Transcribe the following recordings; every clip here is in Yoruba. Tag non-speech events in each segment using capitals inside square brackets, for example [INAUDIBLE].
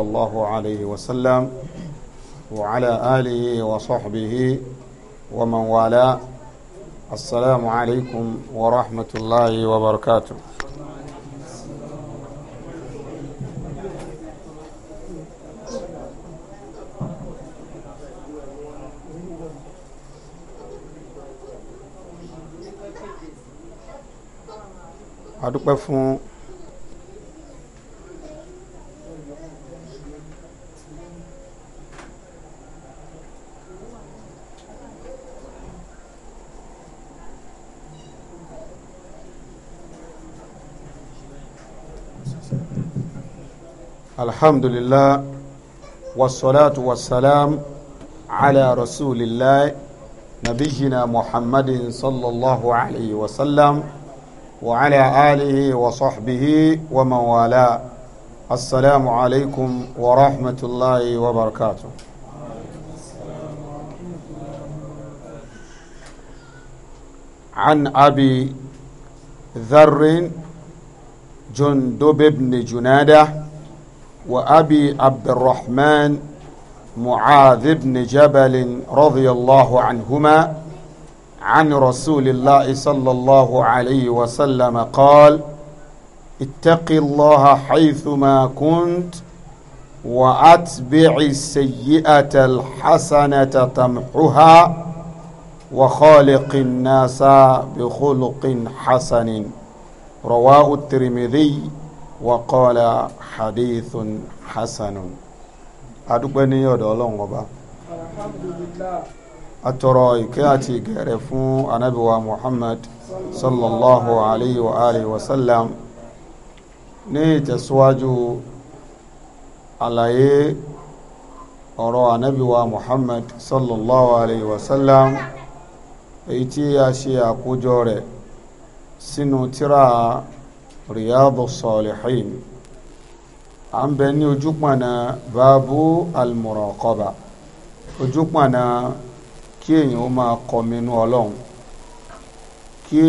الله عليه وسلم وعلى آله وصحبه ومن والاه السلام عليكم ورحمة الله وبركاته adúpẹ́ alhamdulillah wasalaatu wasalaam ala rasulillah nabiyina muhammadin sallallahu alayhi wa sallam wa ala alihi wa sahbihi wa man wala assalamu alaykum wa rahmatullahi wa barakatuh. عن أبي ذر جندب بن جناده وأبي عبد الرحمن معاذ بن جبل رضي الله عنهما عن رسول الله صلى الله عليه وسلم قال اتق الله حيثما كنت وأتبع السيئة الحسنة تمحها وخالق الناس بخلق حسن رواه الترمذي waqala hadithun hasanun adúpẹ́ ní ọ̀dọ̀ ọlọ́run ọba atọrọ ìkẹ́ àti ìgẹ̀rẹ̀ fún anábíwa muhammad sallallahu alayhi wa alihi wa sallam ní ìtẹ̀síwájú àlàyé ọ̀rọ̀ anábíwa muhammad sallallahu alayhi wa sallam èyí tí a ṣe àkójọ rẹ̀ sínú tírà Riyadu Salihin à ń bẹ ní ojúpọ̀nà báàbù al-muraqaba ojúpọ̀nà kí èèyàn ó máa ọlọ́run kí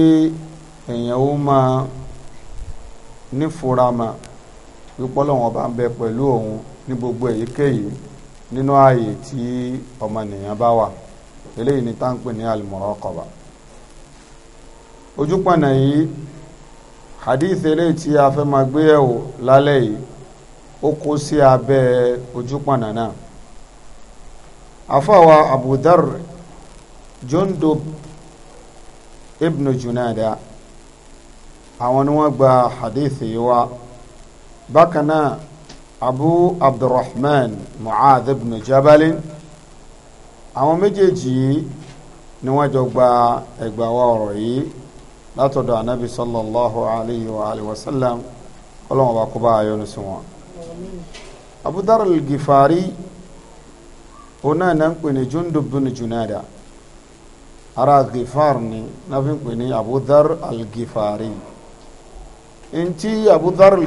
èèyàn ó máa nífurama ọba ọmọnìyàn bá wà eléyìí ni táǹpì al ojúpọ̀nà yìí hadith eléyìí tí a fẹ́ máa gbé yẹ̀wò lálẹ́ yìí ó kó sí abẹ́ ojúpọ̀nà náà afáwa Abu Dharr Jundub ibn Junada àwọn ni wọ́n gba hadith yìí wá bákan náà Abu Abdurrahman Mu'adh ibn Jabal àwọn méjèèjì ni wọ́n jọ gba ẹgbàá wa ọ̀rọ̀ yìí látọ̀dọ̀ anabi sallallahu alayhi wa alayhi wa sallam ọlọ́wọ́n bá kó bá a yọnu sí wọn. Abu Dharr al-Ghifari òun náà náà ń pè ní Jundub bin Junada ara Ghifar ni náà fi ń pè ní Abu Dharr al-Ghifari ntí Abu Dharr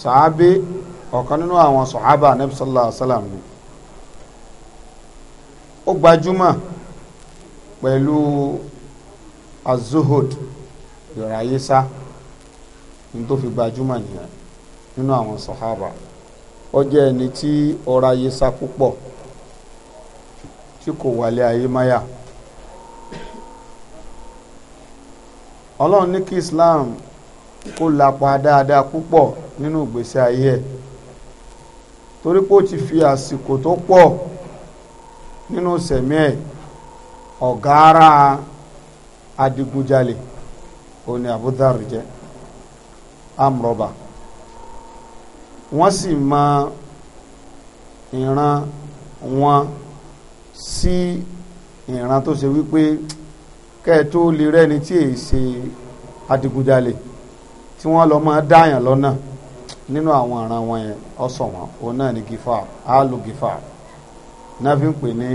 sàábé ọ̀kan nínú àwọn sọ̀hábà anabi sallallahu alayhi wa sallam ni ó gbajúmọ̀ pẹ̀lú. azuhud ìráyé sá ní tó fi gbajúmọ̀ nìyẹn nínú àwọn sọ̀hábà ó jẹ́ ẹni tí ọ̀rọ̀ ayé púpọ̀ tí kò wálé ayé máyà ọlọ́run ní kí Islam kó lapa dáadáa púpọ̀ nínú ìgbésí ayé ẹ̀ torí pé ó ti fi àsìkò tó pọ̀ nínú sẹ̀mí ẹ̀ ara adigunjalè òun ni abudar jẹ́ amrọba wọ́n sì mọ ìran wọn sí ìran tó ṣe wípé kẹ́ẹ̀tó lè rẹ́ni tí èyí ṣe adigunjalè tí wọ́n lọ máa dáyàn lọ́nà nínú àwọn ìran wọn yẹn ọ̀sán wọn náà ni gifa alu gifa náà fi ń pè ní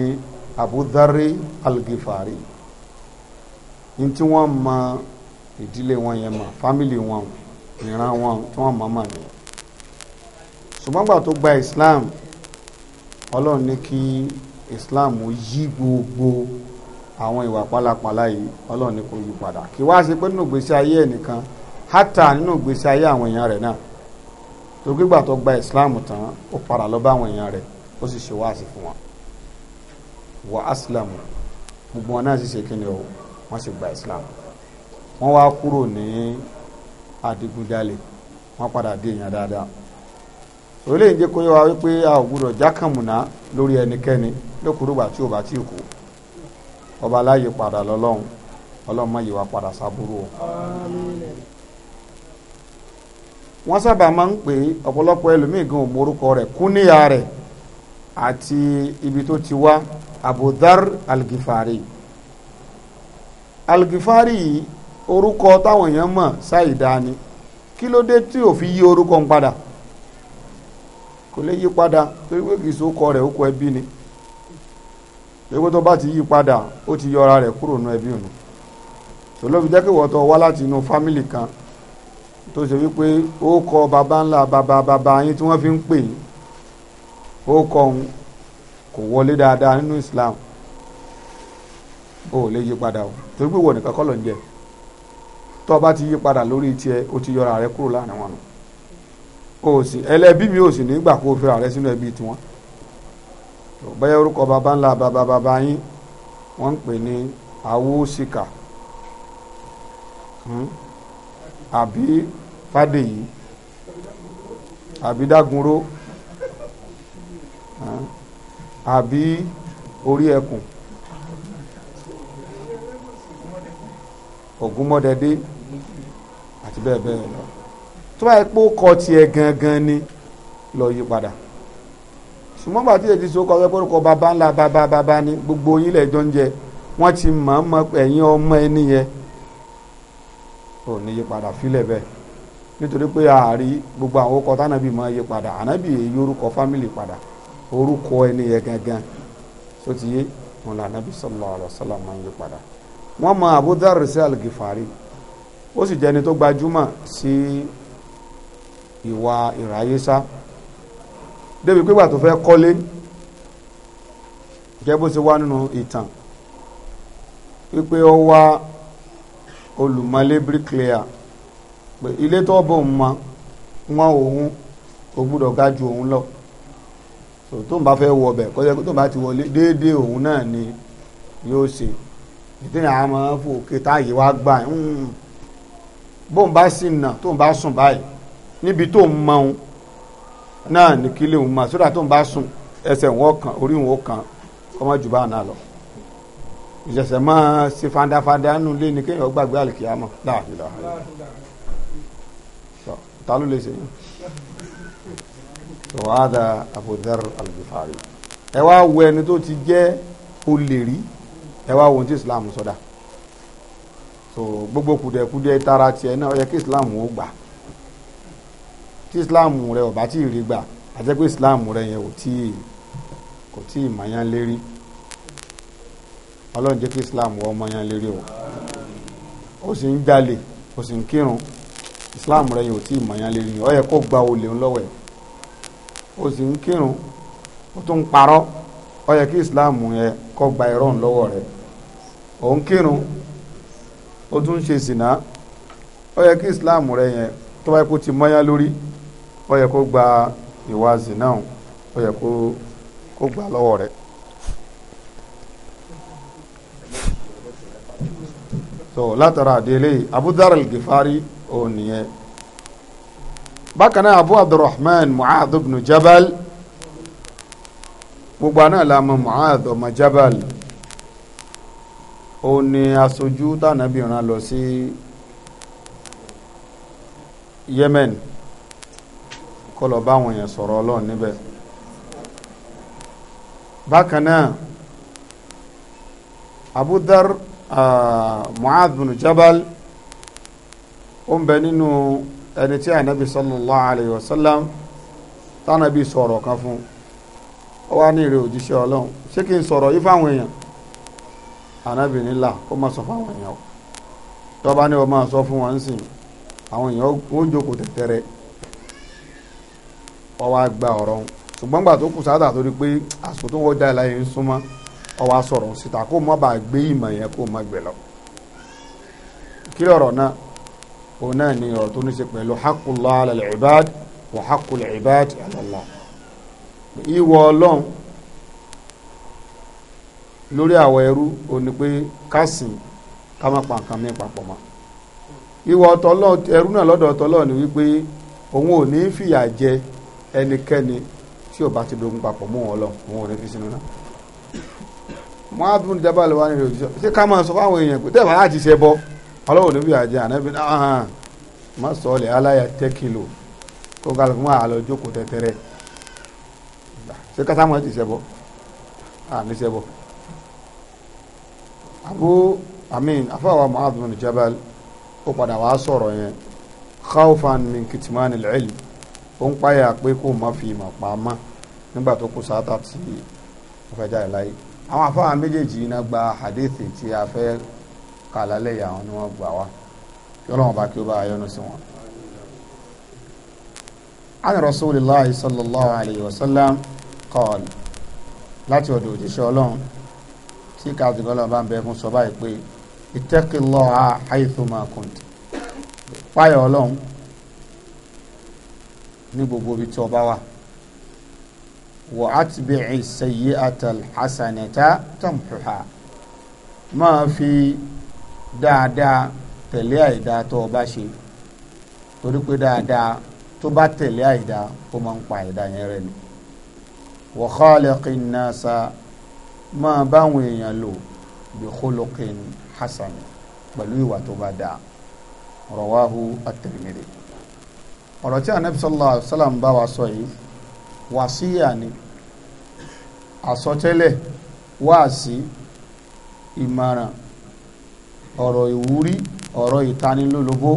abudari algifari. Al ní tí wọ́n mọ ìdílé wọn yẹn mọ̀ fámìlì wọn ìran wọn tí wọ́n mọ̀ mọ̀ nìyẹn ṣùgbọ́n gbà tó gba Islam ọlọ́run ní kí Islam yí gbogbo àwọn ìwà pálapàla yìí ọlọ́run ní kò yí padà kí wá ṣe pé nínú ìgbésí ayé ẹnìkan hátà nínú ìgbésí ayé àwọn èèyàn rẹ̀ náà tó gbígbà tó gba Islam tán ó padà lọ bá àwọn èèyàn rẹ̀ ó sì ṣe wáàsí fún wọn wà á gbogbo wọn náà sì ṣe kí ni o wọ́n sì gba islam wọ́n wá kúrò ní adigunjalè wọ́n padà di èèyàn dáadáa orílẹ̀ èdè kó yẹ wá wípé a ò gbúdọ̀ jákàmùná lórí ẹnikẹ́ni lókùrúgbà tí ò bá tí ì kú ọba aláyè padà lọ́lọ́run ọlọ́run má yí wa padà sábúrú o. wọ́n sábà máa ń pè ọ̀pọ̀lọpọ̀ ẹlòmíì gan òmórúkọ rẹ̀ kúníyà rẹ̀ àti ibi tó ti wá Abu Dhar al-Ghifari algifari yìí orúkọ táwọn èèyàn mọ̀ ṣáìdá ni kí ló dé tí ò fi yí orúkọ ń padà kò lè yí padà torí pé kìí sókọ rẹ̀ ó kọ ẹbí ni lóko tó bá ti yí padà ó ti yọra rẹ̀ kúrò nú ẹbí òun tòlóbi jẹ́ kí wọ́n wá láti inú fámìlì kan tó ṣe wípé ó kọ baba ńlá baba baba yín tí wọ́n fi ń pè ó kọ òun kò wọlé dáadáa nínú Islam. No o ò lè yí padà o torí pé ìwọ nìkan kọ́ ló ń jẹ tó o bá ti yí padà lórí tiẹ̀ o ti yọra rẹ kúrò láàrin wọn o sì ẹlẹ́bí mi ò sì nígbà kó o fẹ́ ààrẹ sínú ẹbí tiwọn bẹ́ẹ̀ orúkọ baba ńlá baba baba yín wọ́n ń pè ní awúsíkà hmm? àbí fàdèyí àbí dágunró hmm? àbí orí ẹkùn. ògúnmọ́dẹ́dé àti bẹ́ẹ̀ bẹ́ẹ̀ lọ tó bá yẹ pé ó kọ tiẹ̀ gangan ni lọ yí padà ṣùgbọ́n bàtí èdè tó kọ wípé orúkọ bàbá ńlá bàbá bàbá ni gbogbo yín lẹ̀ jọ ń jẹ wọ́n ti mọ̀ ọ́n mọ̀ ẹ̀yin ọmọ ẹni yẹn ò ní yí padà fílẹ̀ bẹ́ẹ̀ nítorí pé àárí gbogbo àwọn orúkọ tánàbì máa yí padà ànábì èyí orúkọ fámìlì padà orúkọ ẹni yẹn gangan sótìyé wọn làǹdàbí sallallahu alaihi wasallam máa yí padà wọ́n mọ Abu Dharr sí al-Ghifari ó sì jẹ́ni tó gbajúmọ̀ sí ìwà ìráyésá débi pé ìgbà tó fẹ́ kọ́lé jẹ́ bó ṣe wá nínú ìtàn wípé ó wá olùmọ̀lé bricklayer pé ilé tó bọ̀ ń mọ wọn òun ò gbúdọ̀ ga ju òun lọ tó ń bá fẹ́ wọ ọbẹ̀ kọjá tó ń bá ti wọlé déédéé òun náà ni yóò ṣe ìdíyàn àmọ́ fòkè táyé wá gbà bóun bá sì nà tóun bá sùn báyìí níbi tó ń mọ òun náà ní kí léwu mọ sódà tó ń bá sùn ẹsẹ̀ wọn kan orí wọn kan ọmọ jù bá náà lọ ìṣẹ̀ṣẹ̀ mọ́ ṣe fandafanda nù lé ní kéèyàn gbàgbé àlùkìyà mọ́ láàfin láàfin sọ ta ló lè ṣe yín sọ wàá da Abu Dharr al-Ghifari ẹ wá wọ ẹni tó ti jẹ́ olè rí ẹ wá ohun tí islam sọdá so gbogbo kùdẹ̀kùdẹ̀ tara tiẹ̀ náà ó yẹ kí islam ó gbà tí islam rẹ ò bá tí ì rí gbà àti pé islam rẹ yẹn ò tí ì kò tí ì mọ̀yán lérí ọlọ́run jẹ́ kí islam wọ́n mọ̀yán lérí o ó sì ń jalè ó sì ń kírun islam rẹ yẹn ò tí ì mọ̀yán lérí ó yẹ kó gba olè ńlọ́wọ́ ẹ̀ ó sì ń kírun ó tún ń parọ́ ó kí islam yẹn kó gba irọ́ ńlọ́wọ́ rẹ̀ òun kírun ó tún ń ṣe sìnà ó yẹ kí islam rẹ yẹn tó bá yẹ kó ti mọ́yá lórí ó yẹ kó gba ìwà sìnà ó yẹ kó kó lọ́wọ́ rẹ̀. so látara àdéhùn Abu Dhar al-Ghifari òun nìyẹn bákan náà abu abdulrahman mu'adh ibn jabal gbogbo àná la mọ̀ mu'adh ọmọ jabal ó ní aṣojú tànàbí lọ sí Yemen kó lọ bá àwọn èèyàn sọ̀rọ̀ ọlọ́run níbẹ̀ bákan náà abudar uh, mu'adh bin jabal ó ń bẹ nínú ẹni tí ànábì sallallahu alayhi wa sallam tànàbí sọ̀rọ̀ kan fún ó wá ní ìrè òjíṣẹ́ ọlọ́run ṣé kí n sọ̀rọ̀ yìí fáwọn èèyàn anábìnrin là kó má sọ fáwọn èèyàn tó bá ní o máa sọ fún wọn sìn àwọn èèyàn ó jókòó tẹ̀tẹ̀rẹ̀ ó wá gba ọ̀rọ̀ wọn ṣùgbọ́n gbà tó kù sáà tó rí pé àsìkò tó wọ́n dá ẹ láyé ń súnmọ́ ó wá sọ̀rọ̀ síta kó má bàa gbé ìmọ̀ yẹn kó má gbé lọ. kí lọ̀rọ̀ náà òun náà ni ọ̀rọ̀ tó ní ṣe pẹ̀lú haqqullah ala al-ibad wa haqqul ibad ìwọ ọlọ́run lórí awa ẹrú ó pé kásìn ká má pa nǹkan mi papọ̀ mọ́ ìwọ ẹrú náà lọ́dọ̀ ni wípé òun ò ní fìyà jẹ ẹnikẹ́ni tí ò bá ti dogun papọ̀ mọ́ wọn lọ òun ò ní fi sínú náà mọ́àdún ìjábá lè wá nílò òjíṣẹ́ ṣé ká máa sọ fáwọn èèyàn pé tẹ́ẹ̀bà láti ṣe bọ́ ọlọ́wọ́ ànábi náà má sọ ọ́lẹ̀ aláya tẹ́ kìlò kó jókòó tẹ́tẹ́rẹ́ ṣé ká máa ti ṣe abu amin afáwa mu'adh bin jabal ó padà wàá sọ̀rọ̀ yẹn khawfan min kitman al-ilm ó ń páyà pé kó má fi ìmọ̀ pa mọ́ nígbà tó kù sáátà tí ó fẹ́ jáde láyé àwọn afáwa méjèèjì iná gba hadithi tí a fẹ́ kà lálẹ́ yìí ni wọ́n gbà wá kí bá kí ó bá yọ́nú sí wọn. عن رسول الله صلى الله عليه وسلم قال لا تودوا جشولون tí káàtì kọ́lọ́ bá ń bẹ fún sọ báyìí pé ittaqillaha haythuma kunt páyọ̀ ọlọ́run ní gbogbo ibi tí ọba wà wa atbi'i sayyi'ata alhasanata tamhuha máa fi dáadáa tẹ̀lé àìdá tó ọba ṣe torí pé dáadáa tó bá tẹ̀lé àìdá ó máa ń pa àìdá yẹn rẹ̀ ni wa khaliqin nasa máa báwọn èèyàn lò bi khuluqin hasan pẹ̀lú ìwà tó bá dáa rawahu at-Tirmidhi ọ̀rọ̀ tí anabi sallallahu alayhi wa sallam bá wa sọ yìí wàsíyà ni àsọtẹ́lẹ̀ wáàsí ìmọ̀ràn ọ̀rọ̀ ìwúrí ọ̀rọ̀ ìtanilólobó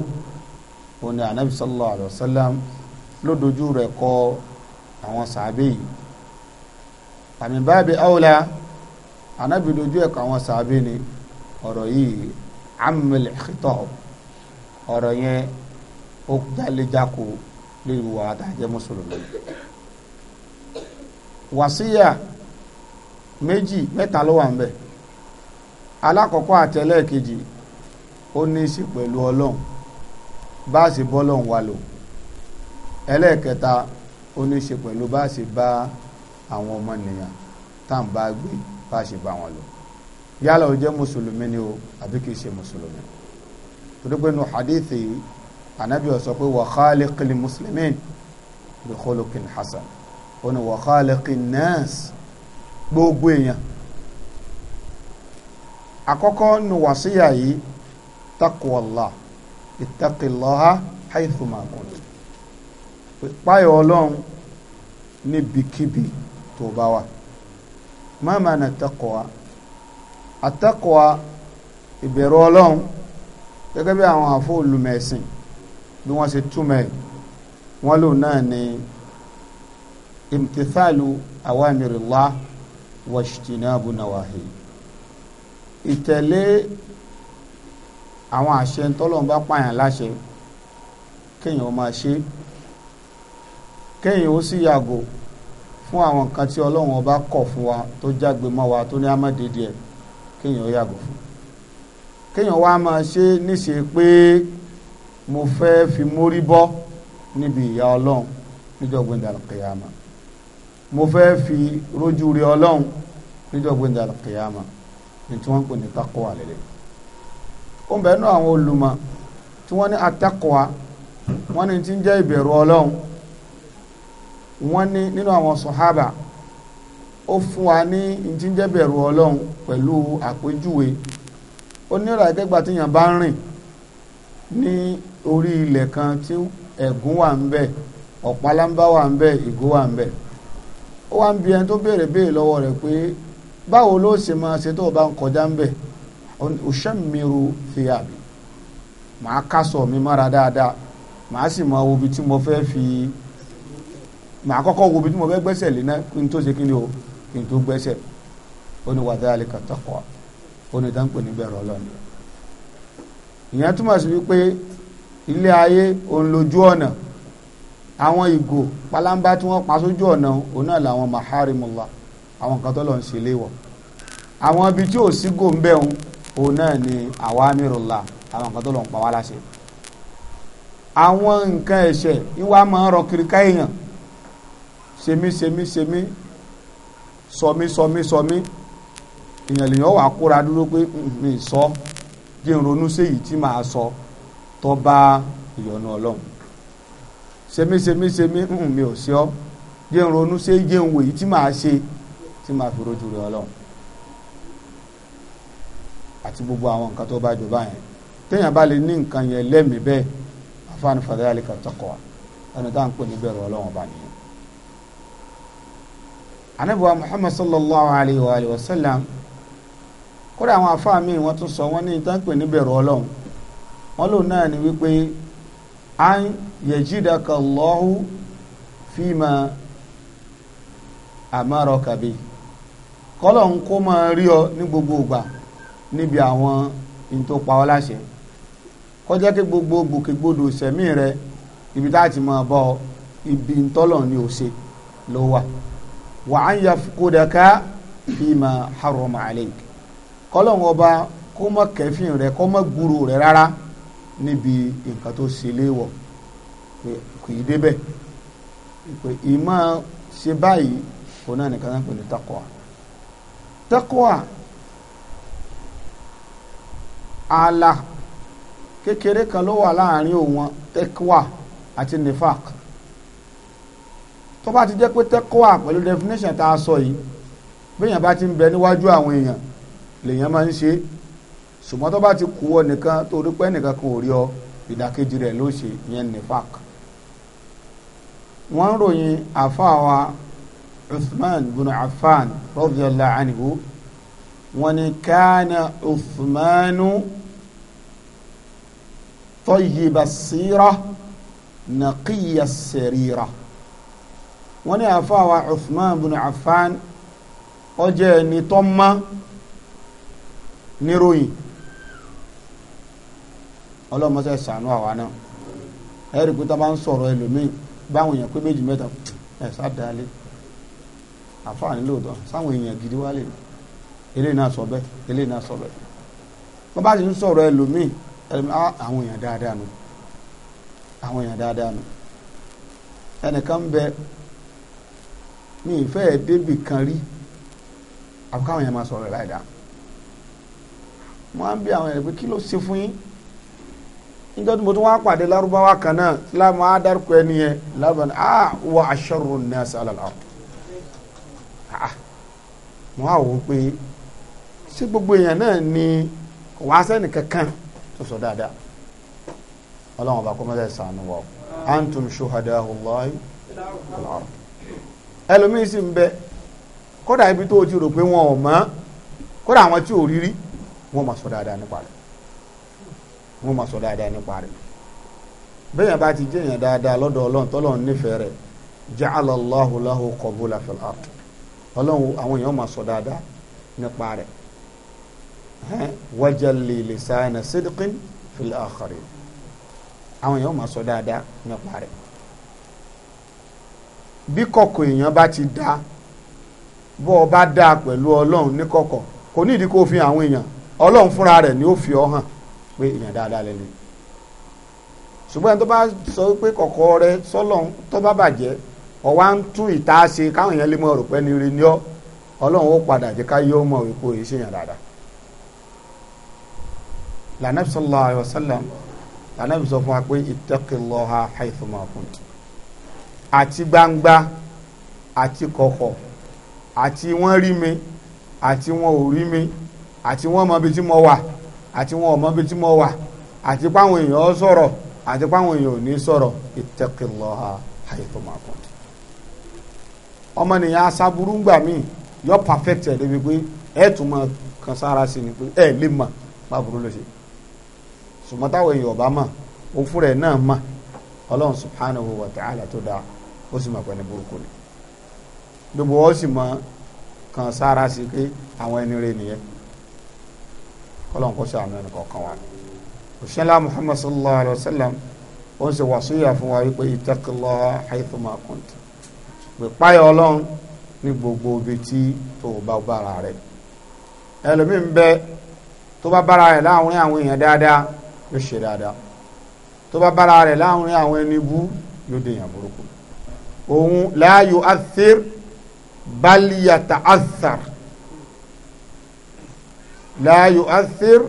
òun ni anabi sallallahu alayhi wa rẹ̀ kọ àwọn sàábé yìí àmì báàbí awla anábì dojú ẹ̀kọ́ àwọn sàábé ni ọ̀rọ̀ yìí amúlẹ xitọ ọ̀rọ̀ yẹn ó jálẹjáko lórí wa àtàjẹ mùsùlùmí wàsíyà méjì mẹ́ta ló wà ń bẹ alákọ̀ọ́kọ́ àtẹlẹ́ẹ̀kejì ó ní í ṣe pẹ̀lú ọlọ́run bá bọ́lọ́run wa lò ẹlẹ́ẹ̀kẹta ó ní í ṣe pẹ̀lú bá bá àwọn ọmọnìyàn tá à ń bá gbé bá a ṣe bá wọn lò yálà ó jẹ́ mùsùlùmí ni o àbí kì í ṣe mùsùlùmí torí pé nu hadithi anabi ó sọ pé wa khaliqil muslimin bi khuluqin hasan ó ní wa khaliqin nas gbogbo èèyàn àkọ́kọ́ nu wàsíyà yìí takwallah ittaqillaha haythuma kunt ọlọ́run níbikíbi tó bá wà má máa nà taqwa àtaqwa ìbẹ̀rù ọlọ́run gẹ́gẹ́ bí àwọn àfọ olùmẹ̀sìn bí wọ́n ṣe túmọ̀ ẹ̀ wọ́n lò náà ní imtithalu awamirillah wajtinabu nawahi ìtẹ̀lé àwọn àṣẹ tọ́lọ́run bá pààyàn láṣẹ kéèyàn máa ṣe kéèyàn ó sì yàgò fún àwọn nǹkan tí ọlọ́run ọba kọ̀ fún wa tó jágbe mọ́ wa tó ní amádeedi ẹ̀ kéèyàn yàgò fún kéèyàn wá máa ṣe níṣe pé mo fẹ́ fi mórí bọ́ níbi ìyà ọlọ́run níjọ́gbìn dàlùkìyàmà mo fẹ́ fi rójú rí ọlọ́run níjọ́gbìn dàlùkìyàmà ní tí wọ́n ń pè ní takọ́ àlẹ́lẹ́ ó ń bẹ́ẹ̀ nú àwọn olùmọ̀ tí wọ́n ní atakọ́a wọ́n ní ti ń jẹ́ ìbẹ̀rù ọlọ́run wọ́n ní nínú àwọn sọ̀hábà ó fún wa ní ìjíǹjẹ́bẹ̀rù ọlọ́run pẹ̀lú àpèjúwe ó nírà gẹ́gbà tí yàn bá ń rìn ní orí ilẹ̀ kan tí ẹ̀gún wà ń bẹ ọ̀pálámbá wà ń bẹ ìgò wà ń bẹ ó wá ń bi ẹni tó béèrè béèrè lọ́wọ́ rẹ̀ pé báwo ló ṣe máa ṣe tó o bá ń kọjá ń bẹ òṣèmìíràn fi àbí màá kásọ̀ mi mára dáadáa màá sì máa wo ibi tí mo fẹ́ fi màá kọ́kọ́ wo bí tí mo fẹ́ gbẹ́sẹ̀ lé náà kí n tó ṣe kí ni o kí n tó gbẹ́sẹ̀ ó ní wadhalika taqwa ó ní dáńpẹ́ níbẹ̀rẹ̀ ọlọ́ni ìyẹn túmọ̀ sí wípé ilé ayé òun lójú ọ̀nà àwọn ìgò palamba tí wọ́n pa sójú ọ̀nà òun náà làwọn maharimullah àwọn kan tó lọ ń ṣe léwọ̀ àwọn ibi tí ò sí gò ń bẹ̀ òun náà ni awamirullah àwọn kan tó lọ ń pa wá láṣẹ àwọn nǹkan ẹ̀ṣẹ̀ ìwà máa ń rọ kiri ká èèyàn semi semi semi sọmi sọmi sọmi èèyàn lèèyàn wà kóra dúró pé mi sọ jẹ́ n ronú séyìí tí màá sọ tó bá ìyọ̀nà ọlọ́run semi semi semi mi ò sí ọ jẹ́ n ronú séyìí jẹ́ n wò yìí tí màá ṣe tí màá fi rojú rẹ ọlọ́run àti gbogbo àwọn nǹkan tó bá jọ báyẹn téèyàn bá lè ní nǹkan yẹn lẹ́mìí bẹ́ẹ̀ afáàní fàdáyà lè kà tọkọ wa ẹni tá à ń pè ní bẹ̀rù ọlọ́run ọba nìyẹn anabiwa muhammad sallallahu alayhi wa alayhi wa sallam kódà àwọn afáà míì wọ́n tún sọ wọ́n ní ìtàn pè níbẹ̀rù ọlọ́run wọ́n lòun náà ni wípé an yajidaka Allahu fima amaraka bi kọ́lọ̀ ń kó máa rí ọ ní gbogbo ìgbà níbi àwọn ìtòpa ọ láṣẹ kọjá kí gbogbo gbòkègbodò sẹ̀mí rẹ ibi tá a ti máa bọ́ ibi ntọ́lọ̀ ni ò ṣe ló wà wà á yafqudaka fima harrama alayk kọ́lọ́hún ọba kó má kẹ́fìn rẹ kó má gbúrò rẹ rárá níbi nǹkan tó ṣe léwọ̀ kò yí débẹ̀ pé ìmọ̀ ṣe báyìí kò náà nìkan náà pè ní taqwa taqwa ààlà kékeré kan ló wà láàrin òun taqwa àti nifaq tó bá ti jẹ́ pé tẹ́kọ́wà pẹ̀lú definition tá a sọ yìí béèyàn bá ti ń bẹ níwájú àwọn èèyàn lèèyàn máa ń ṣe ṣùgbọ́n tó bá ti kú ọ nìkan tó rí pé nìkan kan ò rí ọ ìdàkejì rẹ̀ ló ṣe yẹn nifak wọ́n ròyìn àfáà wa Uthman bin Affan radiyallahu anhu wọ́n ní kánà Uthmanu tayyiba sira naqiya sirira. wọ́n ní afọ awa bin Affan ó ẹni tó mọ́ níròyìn ọlọ́mọsẹ̀ sànú àwa náà ẹ̀rí pé tó ń sọ̀rọ̀ ẹlòmíì báwọn èèyàn pé méjì mẹ́ta ẹ̀ sádàálẹ̀ àfáà lóòótọ́ sáwọn èèyàn gidi wá lè eléyìí náà sọ bẹ́ẹ̀ eléyìí náà sọ bẹ́ẹ̀ wọ́n bá ti ń sọ̀rọ̀ ẹlòmíì ah, àwọn èèyàn dáadáa nù àwọn èèyàn dáadáa nù ẹnìkan mi ìfẹ́ débì kan rí àbúkọ àwọn yẹn máa sọ̀rọ̀ láì dá mo á ń bí àwọn yẹn pé kí ló ṣe fún yín níjọ́ tí mo tún wá pàdé lárúbáwá kan náà láàmú á dárúkọ ẹni yẹn lábàá ní ah wà aṣọ́rò náà sálàlá ah mo á wò ó pé ṣé gbogbo èèyàn náà ni wàá sẹ́ni kankan tó sọ dáadáa ọlọ́run ọba kọ́mọ́lẹ́ sànù wa antum shuhadahu Allahi ẹlòmíín sì ń bẹ kódà ibi tó o ti rò pé wọn ò mọ̀ kódà àwọn tí ò rí rí wọn máa sọ dáadáa nípa rẹ̀ wọn máa sọ dáadáa nípa rẹ̀ bẹ́ẹ̀ bá ti jẹ́yàn dáadáa lọ́dọ̀ ọlọ́run tọ́lọ́run nífẹ̀ẹ́ rẹ̀ ja'ala Allahu lahu qabula fil ard ọlọ́run àwọn èèyàn máa sọ dáadáa nípa rẹ̀ wajalli lisana sidqin fil akhirin àwọn èèyàn máa sọ dáadáa nípa rẹ̀ bí kọ̀kọ̀ èèyàn bá ti dá bọ́ ọ bá dá pẹ̀lú ọlọ́run ní kọ̀kọ̀ kò ní ìdí kó fi àwọn èèyàn ọlọ́run fúnra rẹ̀ ni ó fi ọ hàn pé èèyàn dáadáa lẹ́nu ṣùgbọ́n tó bá sọ pé kọ̀kọ̀ rẹ sọ́lọ́run tó bá bàjẹ́ ọ̀wá ń tún ìta ṣe káwọn èèyàn lè mọ ọ̀rọ̀ pẹ́ ni rí ni ọ́ ọlọ́run ó padà jẹ́ ká yóò mọ̀ wípé òye ṣèyàn dáadáa lànà sallallahu alaihi wasallam lànà sọ fún wa pé ittaqillaha haythuma kunt àti gbangba àti kọ̀kọ̀ àti wọ́n rí mi àti wọn ò rí mi àti wọ́n mọ ibi tí mo wà àti wọn ò mọ ibi tí mo wà àti páwọn èèyàn sọ̀rọ̀ àti páwọn èèyàn ò ní sọ̀rọ̀ ittaqillaha haythuma kunt ọmọnìyàn aṣaburú gbà mí yọ perfect ẹ̀ débi pé ẹ̀ tún mọ kan sára sí ni pé ẹ̀ lè mọ̀ pàbùrú ló ṣe ṣùgbọ́n èèyàn ọba mọ̀ òfúrẹ̀ náà mọ̀ ọlọ́run subhanahu wa ta'ala tó dáa ó sì mọ̀ pé ní burúkú ni gbogbo wọn sì mọ kàn sára sí pé àwọn ẹni rẹ nìyẹn kọlọ́n kó sàánú ẹni kọ̀ọ̀kan wa òṣìṣẹ́lá muhammad sallallahu alayhi wa sallam ó ń ṣe wàsíyà fún wa wípé ittaqillaha haythuma kunta pípáyọ̀ ọlọ́run ní gbogbo ibi tí tó o bá bára rẹ ẹlòmíì bẹ tó bá bára rẹ láàrin àwọn èèyàn dáadáa yóò ṣe dáadáa tó bá bára rẹ láàrin àwọn ẹni bú yóò dèèyàn burúkú òun la yu'athir bal yata'athar la yu'athir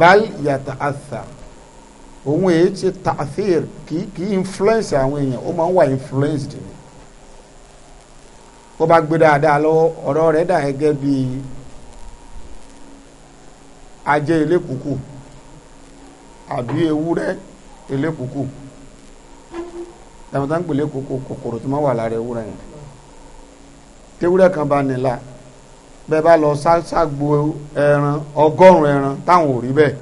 bal yata'athar òun èyí ti ta'athir kì kì influence àwọn èèyàn ó máa ń wà influenced ni ó bá gbé dáadáa lọ́wọ́ ọ̀rọ̀ rẹ̀ dà gẹ́gẹ́ bíi ajé ilé kúkú àbí ewúrẹ́ ilé kúkú làwọn tá ń pèlè kòkò kòkòrò tó máa wà lára ewúrẹ́ yẹn tewúrẹ́ kan bá nílà bẹ́ẹ̀ bá lọ ṣàgbo ẹran ọgọ́rùn ẹran táwọn ò rí bẹ́ẹ̀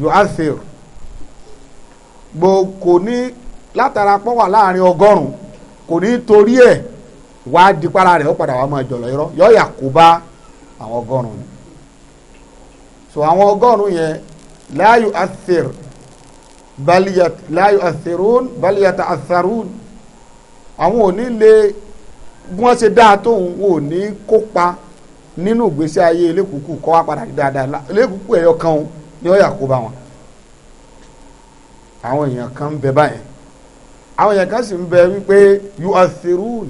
yóò á fèrè gbogbo kò ní látara pọ́ wà láàrin ọgọ́rùn kò ní torí ẹ̀ wá dipara rẹ̀ ó padà wá máa jọ̀lọ̀ irọ́ yọ yà kó bá àwọn ọgọ́rùn so àwọn ọgọ́rùn yẹn láàyò á baliyat láyò àthẹrún baliyat àthẹrún àwọn ò ní lè bí wọ́n ṣe dáa tóun wọn ò ní kópa nínú ìgbésí ayé elékùkù kọ́ wá padà dáadáa elékùkù ẹ̀yọ kan ni ó yà kó bá wọn àwọn èèyàn kan ń bẹ báyẹn àwọn èèyàn kan sì ń bẹ wípé you are thirun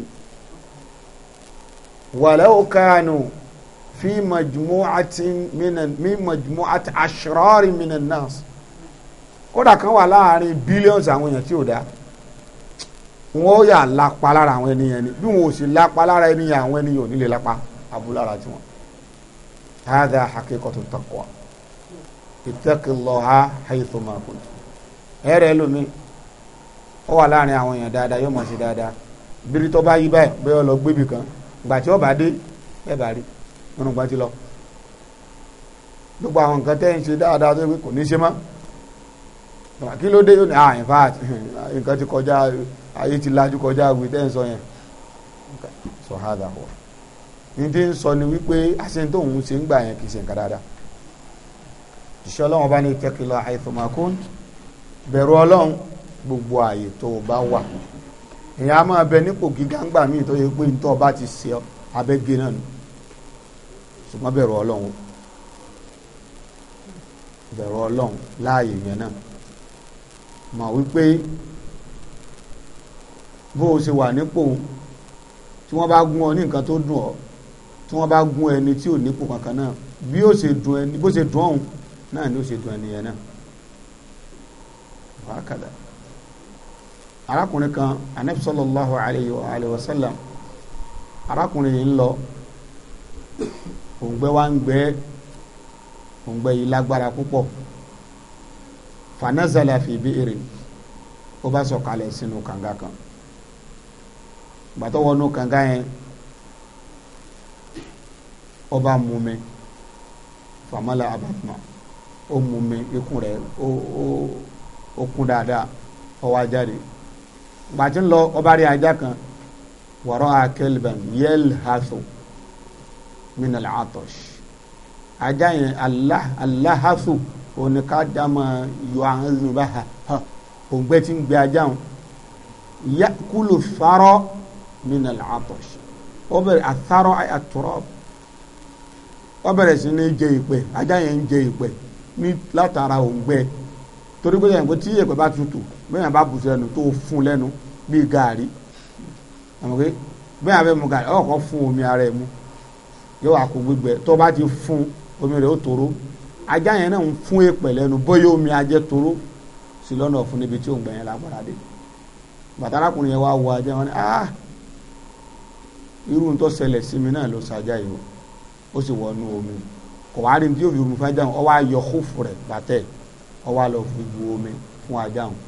walaw kanu fi majmu'atin minan mi majmu'at ashrarin minan nas kódà kan wà láàrin billions àwọn èèyàn tí ò dáa wọn yà lápá lára àwọn ẹni yẹn ni bí wọn ò sì lápá lára ẹni yẹn àwọn ẹni yẹn ò ní lè lápá abúlára tiwọn. hada hakikatu taqwa ittaqillaha haythuma kunt ẹrẹ lómi ó wà láàrin àwọn èèyàn dáadáa yóò mọ̀ sí dáadáa bírí bá yí báyìí bẹ́ẹ̀ ọ lọ gbébì kan gbà tí ó bá dé ẹ bá rí nínú gbọ́n lọ gbogbo àwọn nǹkan tẹ́ ń ṣe dáadáa tó yẹ kò ní ṣe mọ́ Ah, kí ló dé yóò ah in fact [LAUGHS] nǹkan ti kọjá ayé ti lajú kọjá àgbè tẹ́ ń sọ yẹn sọ ha dà wọ ní tí ń sọ ni wípé àṣẹ tó ń ṣe ń gbà yẹn kì í ṣe nǹkan dáadáa ìṣọ́ ọlọ́run bá ní ìtẹ́kìlọ àìfọ̀mọ́kún bẹ̀rù ọlọ́run gbogbo ààyè tó o bá wà èèyàn máa bẹ nípò gíga ń gbà míì tó yẹ pé nítorí ọba ti ṣe abẹ́gẹ́ náà nù ṣùgbọ́n bẹ̀rù ọlọ́run bẹ̀rù ọlọ́run láàyè yẹn náà mọ̀ wípé bó o ṣe wà nípò tí wọ́n bá gún ọ ní nǹkan tó dùn ọ tí wọ́n bá gún ẹni tí ò nípò kankan náà bí ó ṣe dùn ẹni bó ṣe dùn ọ̀hún náà ni ó ṣe dùn ẹni yẹn náà wàákàdà arákùnrin kan anabi alayhi wa alayhi wa sallam arákùnrin yìí ń lọ òǹgbẹ wa ń gbẹ òǹgbẹ yìí lágbára púpọ̀ fanazala fi bi'iri ó bá sọ̀kalẹ̀ sínú kànga kan gbàtọ́ wọnú kànga yẹn ó bá mumi famala abatuma ó mumi ikùn rẹ̀ ó ó ó kún dáadáa ó wá jáde gbàtí ń lọ ó bá rí ajá kan wọ́rọ́ akẹ́lẹ́bẹ̀n yẹ́l haso minal atosh ajá yẹn aláhaso. Allah òní ká dámọ̀ yọ àwọn yorùbá ha òǹgbẹ tí ń gbé ajá wọn yá kúlù fárọ nínú àtọṣ ó bẹ̀rẹ̀ àtàrọ àtọrọ ó bẹ̀rẹ̀ sí ní jẹ ìpè ajá yẹn ń jẹ ìpè ní látara òǹgbẹ torí pé yẹn tí ìpè bá tutù bẹ́ẹ̀ yẹn bá bù sẹ́nu tó fún lẹ́nu bíi gàárì bẹ́ẹ̀ abẹ́ mu gàrí ọkọ̀ fún omi ara ẹ̀ mu yóò wá kó gbígbẹ tó bá ti fún omi rẹ̀ ó tóró ajá yẹn náà ń fún èpè lẹ́nu bóyá omi ajẹ toró sí lọ́nà ọ̀fun níbi tí òǹgbà yẹn lágbára dé bàtà arákùnrin yẹn wá wo ajá wọn ni ah irú tó ṣẹlẹ̀ sí mi náà ló ṣàjá yìí ó sì wọnú omi kò wá rí ní tí yóò omi fún ajá wọn ọwọ́ ayọ̀ hófù rẹ̀ bàtẹ́ ọwọ́ àlọ́ fi bu omi fún ajá wọn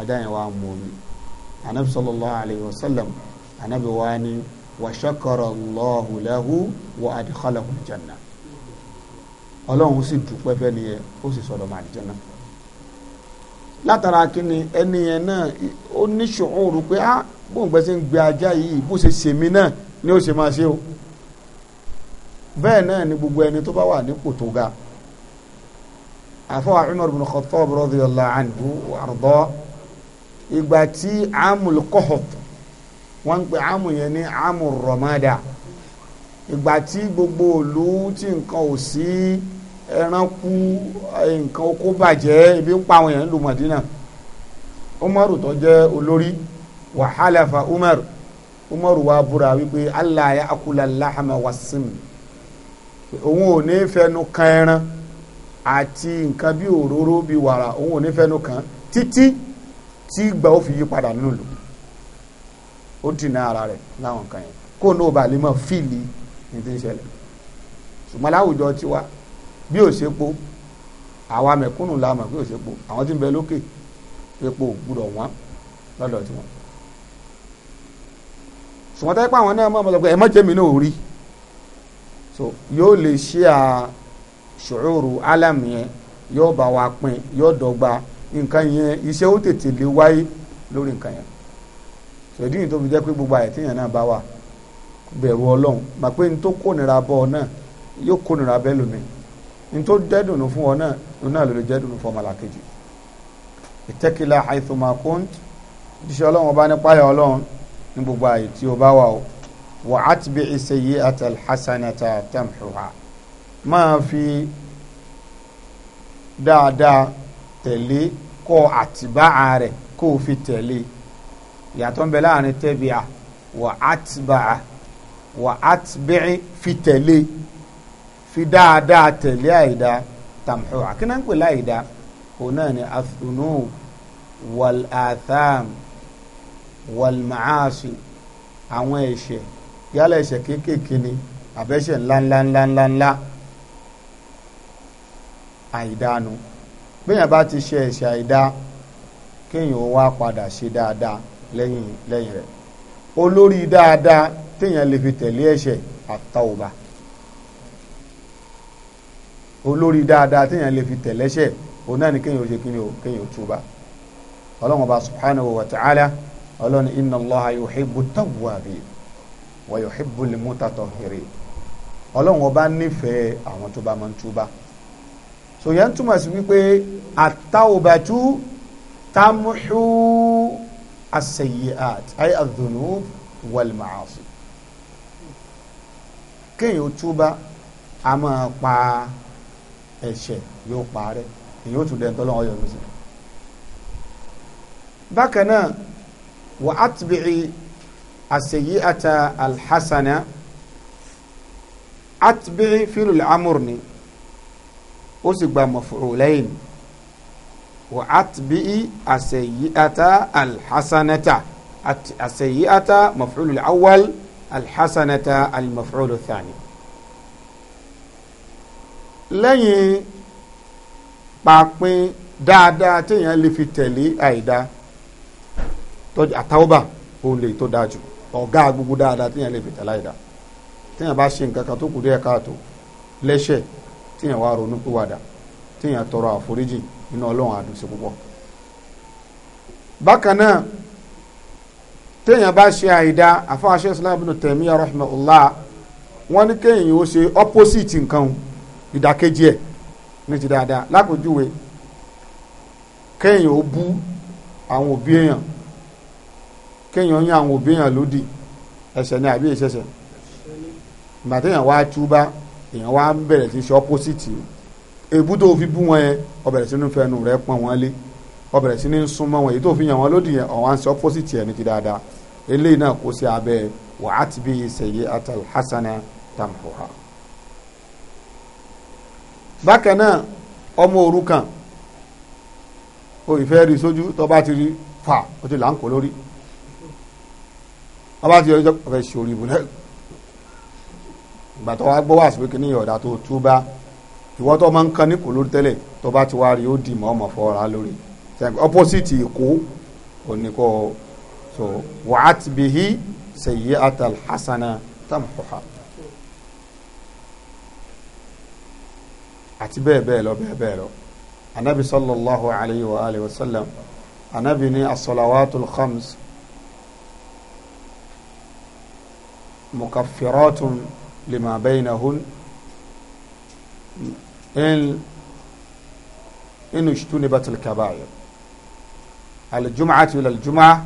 ajá yẹn wá mú omi anabi sallallahu alayhi wa sallam anabi wa ni wa shakara allahu lahu wa adkhalahu aljanna ọlọ́run sì dúpẹ́ fẹ́ nìyẹn ó sì sọ̀rọ̀ màá jẹ́ náà látara kínní ẹni yẹn náà ó ní ṣòro pé á bóun gbẹ́ sí ń gbé ajá yìí bó ṣe ṣèmi náà ni ó ṣe máa ṣe o bẹ́ẹ̀ náà ni gbogbo ẹni tó bá wà nípò tó ga àfọwà Umar bin Khattab radiyallahu anhu àrùbọ́ ìgbà tí amul Qahf ń pè amu yẹn ní amu Ramada ìgbà tí gbogbo òlu tí nǹkan ò sí ẹranko nǹkan oko bàjẹ́ ibi ń pa àwọn èèyàn ń lu Madina Umaru tó jẹ́ olórí wa halafa Umar Umaru wa búra wípé Allah akula al-lahma was-sim òun ò ní fẹnu kan ẹran àti nǹkan bí òróró bí wàrà òun ò ní fẹnu kan títí tí ìgbà ó fi yí padà nínú lò ó dì ní ara rẹ̀ láwọn kan yẹn kó o náà bàa lè mọ fíìlì ní ti ń ṣẹlẹ̀ ṣùgbọ́n láwùjọ tiwa bí ò ṣepo àwa mẹ̀kúnnù la mọ̀ pé ò ṣepo àwọn tí ń bẹ lókè epo gbúdọ̀ wọ́n lọ́dọ̀ tiwọn ṣùgbọ́n tẹ́pẹ́ àwọn náà mọ̀ pé ẹ mọ̀ jẹ́mi náà rí so yóò lè ṣe à ṣòro alámì yẹn yóò bá wa pín yóò dọ́gba nǹkan yẹn iṣẹ́ ó tètè lè wáyé lórí nǹkan yẹn ṣèdí tó fi jẹ́ pé gbogbo àyẹ̀tí yẹn náà bá wà bẹ̀rù ọlọ́run mà pé ní tó kónira bọ́ ọ náà yóò kónira bẹ́ẹ̀ lómi ní tó dẹ́dùnú fún ọ náà ní náà ló lè jẹ́dùnú fún ọmọlàkejì ìtẹ́kìlá àìsùnmá kóńt iṣẹ́ ọlọ́run bá nípa ayọ̀ ọlọ́run ní gbogbo àyè tí o bá wà o wà á ti bí ìṣèyí àtàl hasanata tamhuha máa fi dáadáa tẹ̀lé kọ́ àtìbá rẹ̀ kó o fi tẹ̀lé ìyàtọ̀ ń bẹ láàrin tẹ́bíà wà á ti bá a wà á ti bẹ́ẹ̀ fi tẹ̀lé fi dáadáa tẹ̀lé àìdá tamhuha kí náà ń pè láìdá òun náà ni athunu wal atham wal maasi àwọn ẹ̀ṣẹ̀ yálà ẹ̀ṣẹ̀ kéékèèké ni àbẹ́ṣẹ̀ ńláńláńláńláńlá àìdánu bẹ́yàn bá ti ṣe ẹ̀ṣẹ̀ àìdá kéèyàn wá padà ṣe dáadáa lẹ́yìn lẹ́yìn rẹ̀ olórí dáadáa téèyàn lè fi tẹ̀lé ẹ̀ṣẹ̀ àtàwùbá olórí dáadáa téèyàn lè fi tẹ̀lé ẹ̀ṣẹ̀ òun náà ni kéèyàn ò ṣe kíni o kéèyàn ò túbà ọlọ́run ọba subhanahu wa ta'ala ọlọ́run inna allaha yuhibbu tawwabi wa yuhibbu limutatahhirin ọlọ́run ọba nífẹ̀ẹ́ àwọn tó máa ń túbà so yẹn túmọ̀ sí wípé àtàwùbàtú tamhu as-sayyi'at ay adh-dhunub kéèyàn túbá a máa pa ẹ̀ṣẹ̀ yóò parẹ́ èyí ó tún dẹ̀ tọ́lọ́ ọyọ̀ lọ́sí. bákan náà wà á ti bìrì àṣeyí ata alhassana á ti bìrì fílù amúr ni ó sì gba maf'ulayn wà á ti bìrì àṣeyí ata alhassanata àṣeyí ata maf'ulul awwal alḥasanata alimaf'ulu thani lẹ́yìn pàápín dáadáa téèyàn lè fi tẹ̀lé àìda tọ́jú àtàwọ́bà òun lè tó dáa jù ọ̀gá gbogbo dáadáa téèyàn lè fi tẹ̀lé àìda téèyàn bá ṣe nǹkan kan tó kù díẹ̀ káàtó lẹ́ṣẹ̀ téèyàn wá ronú pìwàdà téèyàn tọrọ àforíjì nínú ọlọ́run àdùnsí púpọ̀ bákan náà téèyàn bá ṣe àìda àfáà Sheikh Islam ibn Taymiyyah rahimahullah wọ́n ní kéèyàn ó ṣe opposite nǹkan ìdàkejì ẹ̀ ní ti dáadáa lápèjúwe kéèyàn ó bú àwọn òbí èèyàn kéèyàn yan àwọn òbí èèyàn lódì ẹ̀ṣẹ̀ ni àbí ìṣẹ̀ṣẹ̀ ìgbà téèyàn wá túbá èèyàn wá bẹ̀rẹ̀ sí ṣe opposite èébú tó fi bú wọn yẹn ó sínú fẹnu rẹ̀ pọ́n wọn lé ọbẹ̀rẹ̀ sí ní ń súnmọ́ wọn èyí tó fi yàn wọn lódì yẹn ọ̀wọ́n àǹsí ọ́pọ́sìtì ẹ̀ ní ti dáadáa eléyìí náà kó sí abẹ́ wàhátì bíi sẹ̀yẹ atal hasana tamhuha. bákan náà ọmọ òrukàn o ìfẹ́ rí sójú tó bá ti rí fà ó ti là ń kó lórí wọ́n bá ti yọ ọjọ́ ọ̀fẹ́ ṣe orí ìgbà tó wá gbọ́ wá sí pé kí tó túbá ìwọ́ máa ń kan ní kò lórí tẹ́lẹ̀ tó bá ti wá rí ó dì mọ́ ọmọ fọ́ra lórí opposite èkó oníkọ́ so wàhátì bìhí sèyí atal hasana tamhuha àti bẹ́ẹ̀ bẹ́ẹ̀ lọ bẹ́ẹ̀ bẹ́ẹ̀ lọ anabi sallallahu alayhi wa alayhi wa sallam anabi ni asalawatul khams mukaffiratun lima baynahun in inu shtunibatul kabair aljum'atu ila aljum'a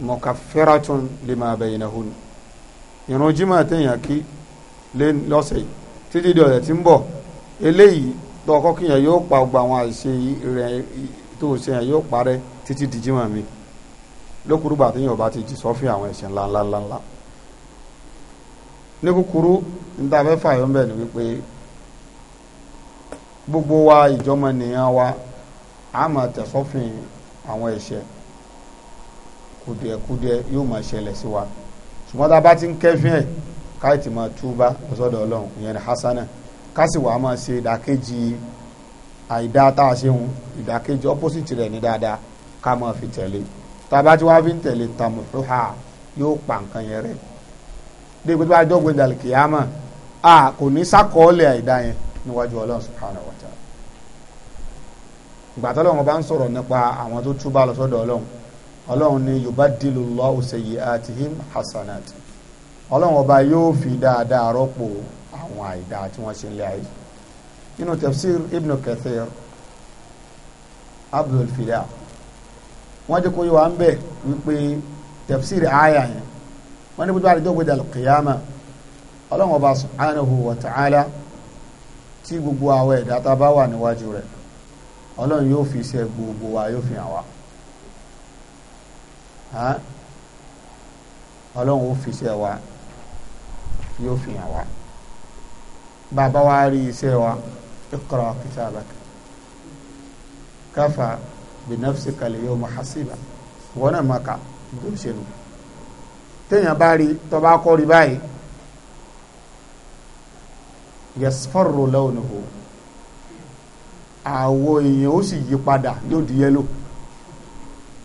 mukaffiratun lima baynahun ìrun jimá téèyàn kí lọ́sẹ̀ títí di ọ̀sẹ̀ tí ń bọ̀ eléyìí tọkọ kíyàn yóò pa gbogbo àwọn àṣe rẹ̀ tó ṣe yàn yóò parẹ́ títí di jimá mi lókùrúgbà téèyàn bá ti jí sọ́fìn àwọn ẹ̀ṣẹ̀ ńláńláńlá ní kúkúrú níta fẹ́ fààyàn bẹ̀ ni wípé gbogbo wa ìjọmọ nìyàn wa àmọ̀ tẹ̀sọ́fìn àwọn ẹ̀ṣẹ̀ kùdìẹ̀kùdìẹ̀ yóò máa ṣẹlẹ̀ sí wa ṣùgbọ́n tá a bá ti ń kẹ́fín ẹ̀ káì tí máa túbá lọ́sọ̀dọ̀ ọlọ́run ìyẹn ní hasana ká sì wàá máa ṣe ìdákejì àìdá tá a ṣe ń ìdákejì opposite rẹ̀ ní dáadáa ká máa fi tẹ̀lé tá a bá ti wáá fi ń tẹ̀lé tamuruha yóò pa nǹkan yẹn rẹ̀ débi tó bá dọ́gbẹ́dàlì kìyàmà a kò ní sákọọ́lẹ̀ àìdá yẹn níwájú ọlọ́run subhanahu wa ta'ala gbàtà lọ́wọ́n bá ń sọ̀rọ̀ nípa àwọn tó túbà lọ sọ́dọ̀ ọlọ́run ọlọ́run ni yubaddilullahu sayyi'atihim hasanat ọlọ́run ọba yóò fi dáadáa rọ́pò àwọn àìdá tí wọ́n ṣe ń lé ayé nínú tafsir ibn kathir abdul fida wọ́n jẹ́ kó yíwa ń bẹ̀ wípé tafsir aya yẹn wọ́n ní bójú àdéjọ́ gbé dàlù kìyàmà ọlọ́run ọba subhanahu wa ta'ala tí gbogbo àwọn ẹ̀dá tá a bá wà níwájú rẹ̀ ọlọ́run yóò fi iṣẹ́ gbogbo wa yóò fi hàn wá ọlọ́run ó fi iṣẹ́ wa yóò fi hàn wá bàbá wa rí iṣẹ́ wa iqra kitabaka kafa binafsika al-yawma hasiba wọn náà máa kà tó ṣe nù téèyàn bá rí tó bá kọ́ rí báyìí yasfarru àwọ̀ èèyàn ó sì yí padà yóò di yẹ́lò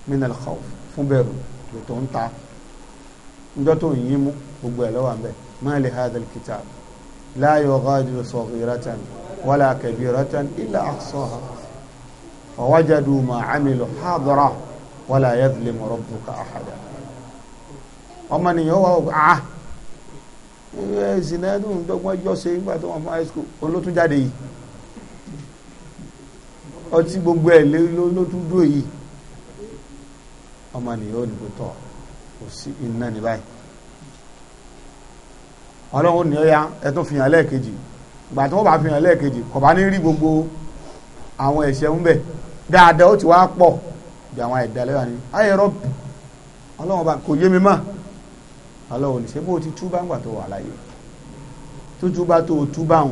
minal khawf fún bẹ̀rù ló tó ń ta njọ́ tó ń yí mú gbogbo ẹ̀ lọ́wọ́ àbẹ̀ ma li hadhal kitab la yughadiru saghiratan wala kabiratan illa ahsaha wa wajadu ma amilu hadira wala yadhlimu rabbuka ahada ọmọ nìyàn wà ọgbà ah ẹ sinadu ń dọ́gbọ́n jọ́ ṣe tó wọn fún high school olótújáde yìí ọtí gbogbo ẹ̀ ló tún dúró yìí ọmọ nìyẹn ò ní kó tọ̀ kò sí iná ní báyìí ọlọ́run ní ọya ẹ̀tún fi hàn lẹ́ẹ̀kejì ìgbà tí wọ́n bá fi hàn lẹ́ẹ̀kejì kò bá ní rí gbogbo àwọn ẹ̀ṣẹ̀ ń bẹ̀ dáadáa ó ti wá pọ̀ bí àwọn ẹ̀dá lẹ́wà ní ayé rọ́bì ọlọ́run bá kò yé mi mọ́ ọlọ́run ní ṣe ti túbá ń tó wà láyé tó túbá tó túbá ń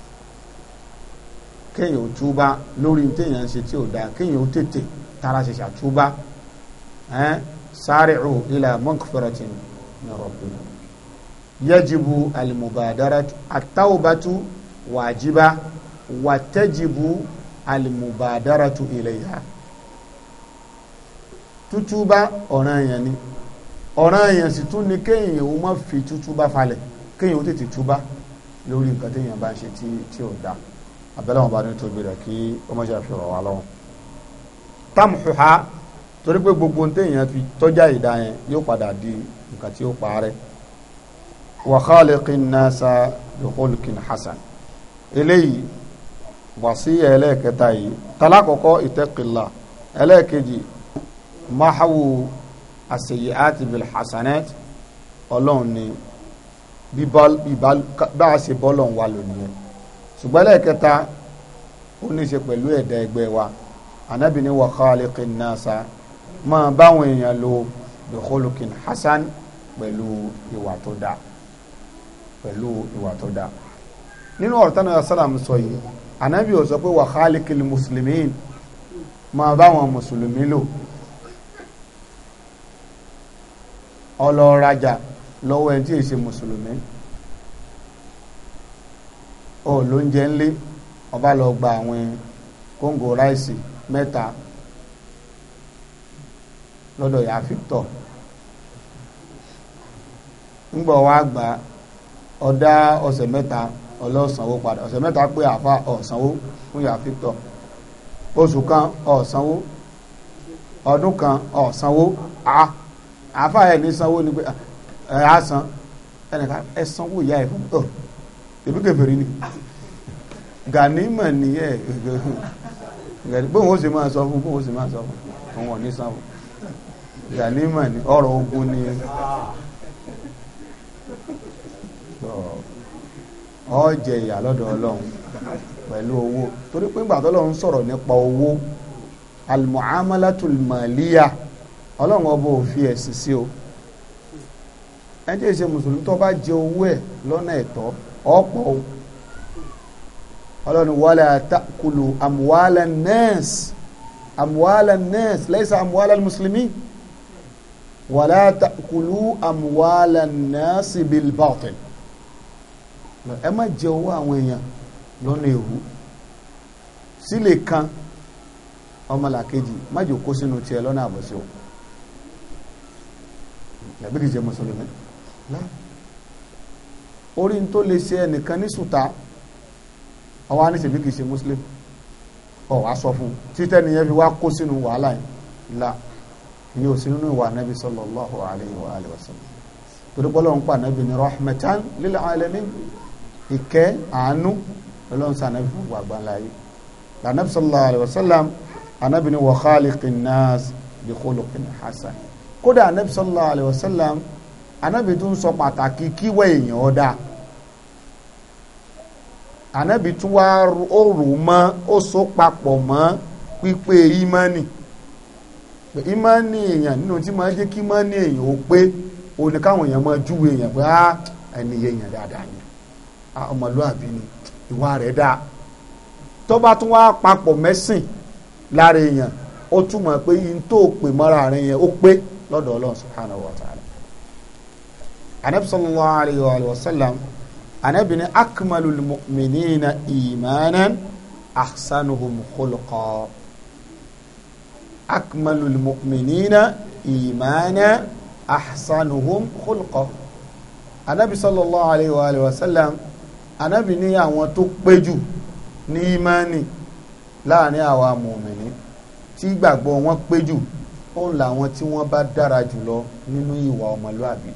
kéèyàn ò túbá lórí téèyàn ń ṣe tí ò dáa kéèyàn ó tètè tara ṣẹṣẹ àtúbá ẹn sari'u ila maghfiratin min rabbikum yajibu alimubadara mubadaratu at-tawbatu wajiba wa tajibu al-mubadaratu ilayha tútúbá ọ̀ranyàn ni ọ̀ranyàn sì tún ni kéèyàn ó má fi tútúbá falẹ̀ kéèyàn ó tètè túbá lórí nǹkan téèyàn bá ṣe tí ò dáa abẹ́lẹ́ wọn bá ní tóbi rẹ̀ kí ó mọ̀ ṣe àfihàn wa lọ́wọ́ tamhuha torí pé gbogbo ní téèyàn fi tọ́jà ìdá yẹn yóò padà di nǹkan tí ó parẹ́ wa khaliqin nasa bi khulqin hasan eléyìí wàsíyà ẹlẹ́ẹ̀kẹta yìí talákọ̀ọ́kọ́ ittaqillah ẹlẹ́ẹ̀kejì mahawu as-sayyi'ati bil ọlọ́run ni bí bá a ṣe bọ́lọ̀ ń wà lónìí ṣùgbọ́n lẹ́ẹ̀kẹta ó ní ṣe pẹ̀lú ẹ̀dá ẹgbẹ́ wa anábì ní wa khaliqin nasa máa báwọn èèyàn lo bi khuluqin hasan pẹ̀lú ìwà tó dáa pẹ̀lú ìwà tó dáa nínú ọ̀rọ̀ tánà sálàmù sọ yìí anábì ò sọ pé wa khaliqil muslimin máa báwọn mùsùlùmí lò ọlọ́ọ̀rajà lọ́wọ́ ẹni tí ì ṣe mùsùlùmí ó lóúnjẹ ńlé ọba lọ gba àwọn kóńgò ráìsì mẹ́ta lọ́dọ̀ ìyá Victor ńgbọ̀ wá gbà ọ̀dá ọ̀sẹ̀ mẹ́ta ọlọ́sànwó padà ọ̀sẹ̀ mẹ́ta pé àfa ọ̀sànwó fún ìyá Victor oṣù kan ọ̀sànwó ọdún kan ọ̀sànwó a àfa ẹ̀ ní sanwó ni pé ẹ̀ á san ẹnìkan ẹ̀ sanwó ìyá ẹ̀ fún mi èmi kèfèrí ni gànímọ̀ nìyẹn bóun ó sì máa sọ fún bóun ó sì máa sọ fún òun ò ní sanwó gànímọ̀ ni ọ̀rọ̀ ogun ni ọ jẹ ìyà lọ́dọ̀ ọlọ́run pẹ̀lú owó torí pé ìgbà tọ́lọ́run sọ̀rọ̀ nípa owó almuamalatul maliya ọlọ́run ọba ò fi ẹ̀sìn sí o ẹjẹ́ ìṣe mùsùlùmí tó bá jẹ owó ẹ̀ lọ́nà ẹ̀tọ́ ọ̀pọ̀ o ọlọ́run wala ta'kulu amwala nas amwala nas laysa amwala muslimin wala ta'kulu amwala nas bil batil ẹ má jẹ owó àwọn èèyàn lọ́nà èwú sílè kan ọmọlàkejì má jò kó sínú tiẹ̀ lọ́nà àbọ̀sí o nàbí kìí ṣe mùsùlùmí orí n tó lè ṣe ẹnìkan ní sùtá ọwọ́ àníṣe bí kìí ṣe muslim ọ̀ wá sọ fún títẹ́ nìyẹn fi wá kó sínú wàhálà yìí la ìyẹn ò sí nínú ìwà nàbí sallallahu alayhi wa alihi wa sallam torí bọ́lá ń pa nàbí ni rahmatan lil alamin ìkẹ́ àánú lọ́lọ́run sí ànábì fún gbàgbà láyé lànàbí sallallahu alayhi wa sallam ànábì ni wa khaliqin nas bi hasan kódà ànábì sallallahu alayhi wa sallam anábì tún sọ pàtàkì kíwẹ̀ èèyàn ọ̀dà anábì tún wá ó rò mọ́ ó so papọ̀ mọ́ pípé ìmánì ìmánì èèyàn nínú tí máa jẹ́ kí ìmánì èèyàn ó pé òní káwọn èèyàn máa júwe èèyàn pé á ah, ẹni èèyàn dáadáa ni ah, ọmọlúwàbí ni ìwà rẹ̀ dáa tó bá tún wá papọ̀ mẹ́sìn lára èèyàn ó túmọ̀ pé yín tó pè mọ́ra rẹ̀ yẹn ó pé lọ́dọ̀ Ọlọ́run subhanahu wa ta'ala anabi sallallahu alayhi wa sallam anabi ni akmalul mu'minina imanan ahsanuhum khulqa akmalul mu'minina imanan ahsanuhum khulqa anabi sallallahu alayhi wa sallam anabi ni àwọn tó pé jù ní imani láàrin àwa mùmìnì tí ìgbàgbọ́ wọn pé jù òun làwọn tí wọ́n bá dára jùlọ nínú ìwà ọmọlúàbí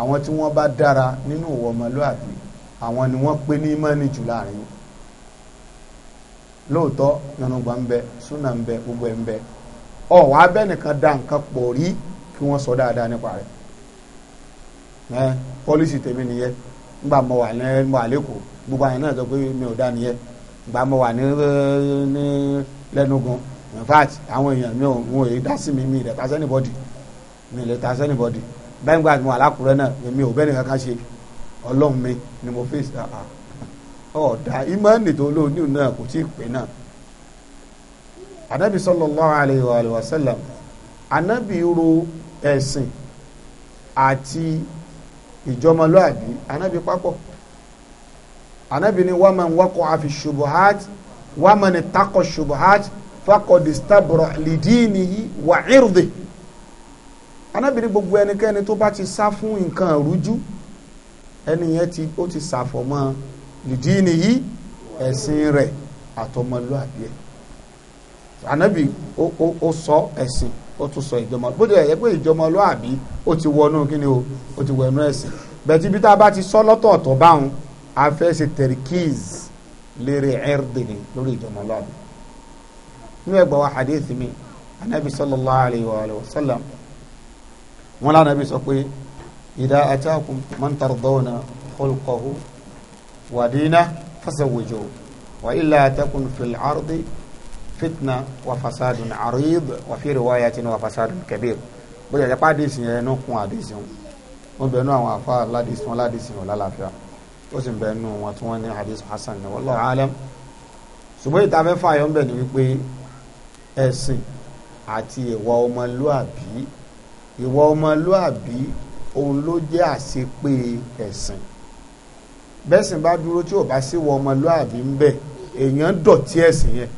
àwọn tí wọ́n bá dára nínú ìwọ ọmọlúàbí àwọn ni wọ́n pé ní mọ́ni jù láàrin lóòótọ́ yanugba ń bẹ súnà ń bẹ gbogbo ẹ̀ ń bẹ ọ wàá bẹ́ nìkan da nǹkan pọ̀ rí kí wọ́n sọ dáadáa nípa rẹ̀ ẹ pọ́lísì tèmi nìyẹn nígbà mo wà ní mo àlékòó gbogbo àyìn náà sọ pé mi ò dá nìyẹn nígbà mo wà ní lẹ́nugun in fact àwọn èèyàn mi ò ń wòye dá sí mi mi ìdẹ̀ta sẹ́nìbọ́dì mi ìdẹ̀ta sẹ́nìbọ́dì báyìí gba àtìmọ́ alákùrẹ́ náà èmi ò bẹ́ẹ̀ nìkan ká ṣe ọlọ́run mi ni mo fèsì ah, ah. ọ̀dà ìmọ̀ọ́nì tó lóun ní òun náà kò tí ì pé náà anabi sallallahu alayhi wa sallam anabi ro ẹ̀sìn àti ìjọmọlúàbí anabi papọ̀ anabi ni wa man waqa'a fi shubuhat wa man ittaqa shubuhat faqad istabra' li dinihi wa 'irdihi anábìrin gbogbo ẹnikẹ́ni tó bá ti sá fún nǹkan rújú ẹni yẹn ti ó ti sàfọ̀mọ́ lìdí nìyí ẹ̀sìn rẹ̀ àtọmọlúàbí ẹ̀ anábì ó sọ ẹ̀sìn ó tún sọ ìjọmọ bó tilẹ̀ yẹ pé ìjọmọlúàbí ó ti wọnú kíni o ó ti wọnú ẹ̀sìn bẹ̀tí bí tá a bá ti sọ lọ́tọ̀ọ̀tọ̀ báwọn afẹ́sí tẹ̀ríkìz lérí ẹ̀rẹ́dìní lórí ìjọmọlúàbí nínú ẹgbàá wa hadith mi anábì sallallahu alayhi wa sallam wọn lánàá bí sọ pé ìdá atákùn man tardawna khulqahu wa dinahu fazawwijuhu wa illa takun fil ardi fitna wa fasadun arid wa fi riwayatin wa fasadun kabir bó lè pa àdìsí yẹn nù kún àdìsí wọn wọn bẹ nù àwọn afa aládìsí wọn aládìsí wọn lálàáfíà ó sì bẹ nù wọn tí wọn ní àdìsí hasan ní wallahu alam ṣùgbọ́n ìta fẹ́ fààyàn bẹ̀ ni wípé ẹ̀sìn àti ìwà ọmọlúàbí ìwà ọmọlúàbí òun ló jẹ́ àṣepé ẹ̀sìn bẹ́sìn bá dúró tí ò bá sí wọ ọmọlúàbí ń bẹ èèyàn dọ̀tí ẹ̀sìn yẹn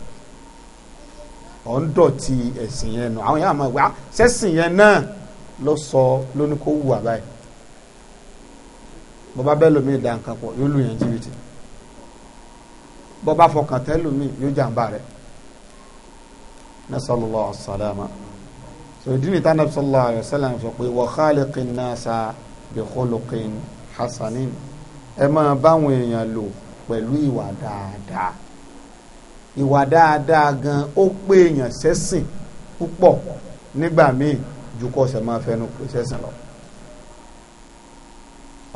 ọ̀ ń dọ̀tí ẹ̀sìn yẹn nù àwọn yàrá máa ah, wá sẹ́sìn yẹn náà ló sọ lónìí kó wù àbáyé bọba bẹ́ẹ̀ lómi ìdá nǹkan pọ̀ yóò lù yẹn jìbìtì bọba fọkàn tẹ́ lómi yóò jàǹbá rẹ̀ nasallallahu salama ìdí nìta nàbí sallallahu alayhi wa sallam sọ pé wa khaliqin nasa bi khuluqin hasanin ẹ máa báwọn èèyàn lò pẹ̀lú ìwà dáadáa ìwà dáadáa gan ó pé èèyàn sẹ́sìn púpọ̀ nígbà míì ju kọ́ ṣe máa fẹnu pé sẹ́sìn lọ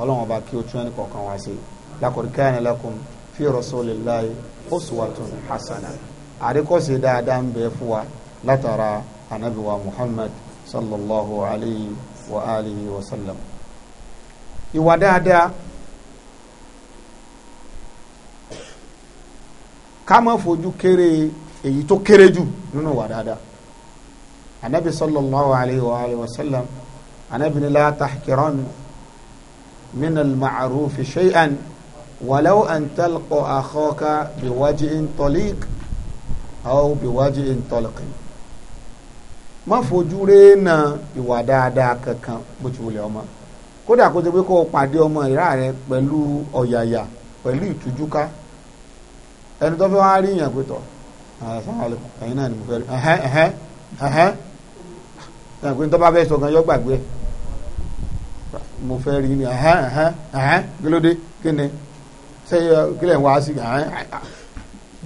ọlọ́run ọba kí o tún ẹni kọ̀ọ̀kan wá sí laqad kana lakum fi rasulillahi uswatun hasana àríkọ́ṣe dáadáa ń bẹ fún wa látara anabi wa muhammad sallallahu alayhi wa alihi wa sallam ìwà dáadáa ká má fojú kéré èyí tó kéré jù nínú ìwà dáadáa anabi sallallahu alayhi wa alihi wa sallam anabi ni la tahkiran min al-ma'ruf ولو أن تلقى أخاك بوجه طليق أو بوجه طلق má fojú na ìwà dáadáa kankan bó ti wulẹ̀ ọmọ kódà kó ti pé kó o pàdé ọmọ ìyá rẹ pẹ̀lú ọ̀yàyà pẹ̀lú ìtújúká ẹni tó fẹ́ wá rí yàn pé tọ̀ ah, ẹ̀yin náà ni mo fẹ́ rí ẹ̀hẹ́n ẹ̀hẹ́n ẹ̀hẹ́n ẹ̀hẹ́n pé tó bá fẹ́ sọ gan yọ gbàgbé mo fẹ́ rí ni ẹ̀hẹ́n ẹ̀hẹ́n ẹ̀hẹ́n kí ló dé kí ni ṣé kílẹ̀ wá sí ẹ̀hẹ́n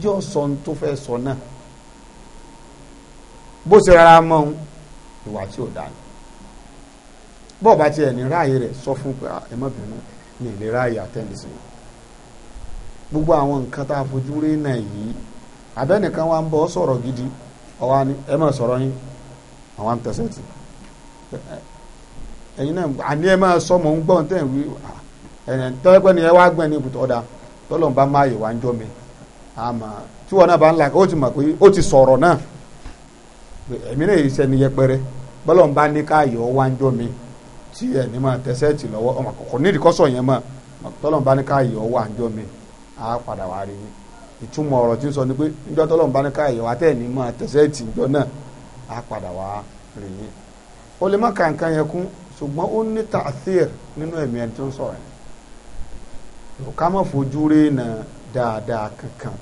jọ́ sọ ní tó fẹ́ sọ náà bó ṣe rárá mọ́ òun ìwà tí ò dáa bó ọba sọ fún pé ah, ẹ ní ìlera gbogbo àwọn nǹkan tá a fojú rí náà yìí wa ń gidi ọwa ni ẹ má sọ̀rọ̀ yín àwọn tì náà àní ẹ ń gbọ́n tẹ̀ wí ah, tọ́lẹ́pẹ́ ni ẹ wá gbẹ́ ní ibùdó ọ̀dà máa wá ń jọ́ mi àmọ́ tí wọn náà bá ń la ó ti mọ̀ pé èmi náà yìí sẹ́ni yẹpẹrẹ bọ́lọ̀ ń bá ní káàyò wá ń jọ mi tí ẹ̀ ní máa tẹsẹ̀ tì lọ́wọ́ ọmọ kọ̀ọ̀kan nídìí kọ́sọ̀ yẹn mọ̀ tọ́lọ̀ ń bá ní káàyò wá ń jọ mi á padà wá rí mi ìtumọ̀ ọ̀rọ̀ tí ń sọ ni pé níjọ́ tọ́lọ̀ ń bá ní káàyò wá tẹ̀ ní máa tẹsẹ̀ tì ìjọ náà á padà wá rí mi. o lè má ka nǹkan yẹn kún ṣùgbọ́n ó ní tààsír nínú ẹ̀mí ẹni tó ń sọ̀rọ̀ yẹn na dáadáa kankan